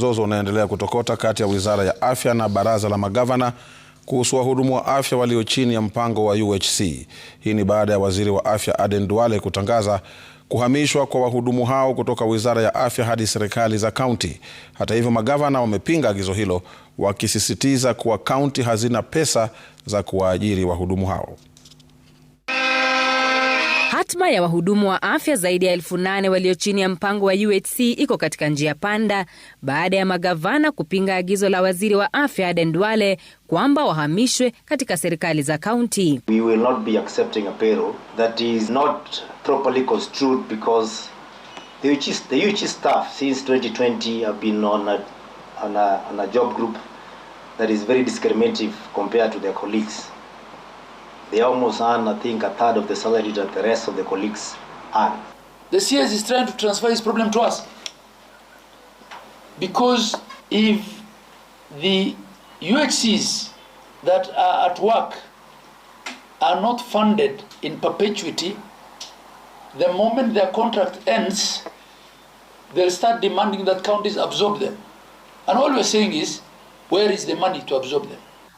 mzozo unaendelea kutokota kati ya Wizara ya Afya na Baraza la Magavana kuhusu wahudumu wa afya walio chini ya mpango wa UHC. Hii ni baada ya Waziri wa Afya Aden Duale kutangaza kuhamishwa kwa wahudumu hao kutoka Wizara ya Afya hadi serikali za kaunti. Hata hivyo, magavana wamepinga agizo hilo wakisisitiza kuwa kaunti hazina pesa za kuwaajiri wahudumu hao. Hatma ya wahudumu wa afya zaidi ya elfu nane walio chini ya mpango wa UHC iko katika njia panda baada ya magavana kupinga agizo la waziri wa afya Aden Duale kwamba wahamishwe katika serikali za kaunti. On a, on a job group that is very discriminative compared to their colleagues. They almost earn, I think, a third of the salary that the rest of the colleagues earn. The CS is trying to transfer his problem to us. Because if the UHCs that are at work are not funded in perpetuity, the moment their contract ends, they'll start demanding that counties absorb them. And all we're saying is, where is the money to absorb them?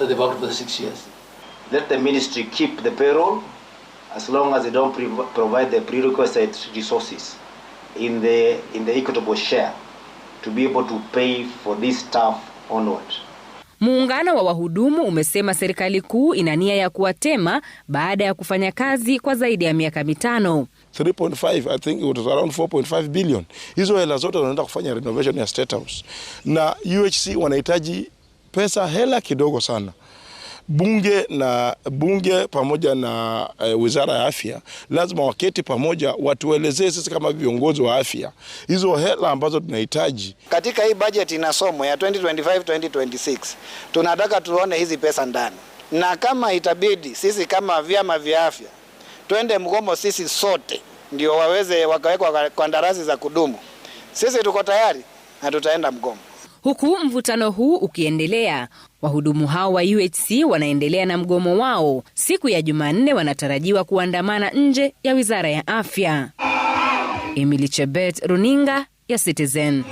after they've worked for the six years. Let the ministry keep the payroll as long as they don't pre- provide the prerequisite resources in the, in the equitable share to be able to pay for this staff onward. Muungano wa wahudumu umesema serikali kuu ina nia ya kuwatema baada ya kufanya kazi kwa zaidi ya miaka mitano. 3.5 I think it was around 4.5 billion. Hizo hela zote wanaenda kufanya renovation ya State House na UHC wanahitaji pesa hela kidogo sana. Bunge na bunge pamoja na e, wizara ya afya lazima waketi pamoja, watuelezee sisi kama viongozi wa afya hizo hela ambazo tunahitaji katika hii bajeti somo ya 2025 2026. Tunataka tuone hizi pesa ndani, na kama itabidi sisi kama vyama vya afya twende mgomo sisi sote, ndio waweze wakawekwa kandarasi za kudumu. Sisi tuko tayari na tutaenda mgomo. Huku mvutano huu ukiendelea, wahudumu hao wa UHC wanaendelea na mgomo wao. Siku ya Jumanne wanatarajiwa kuandamana nje ya wizara ya afya. Emily Chebet, runinga ya Citizen.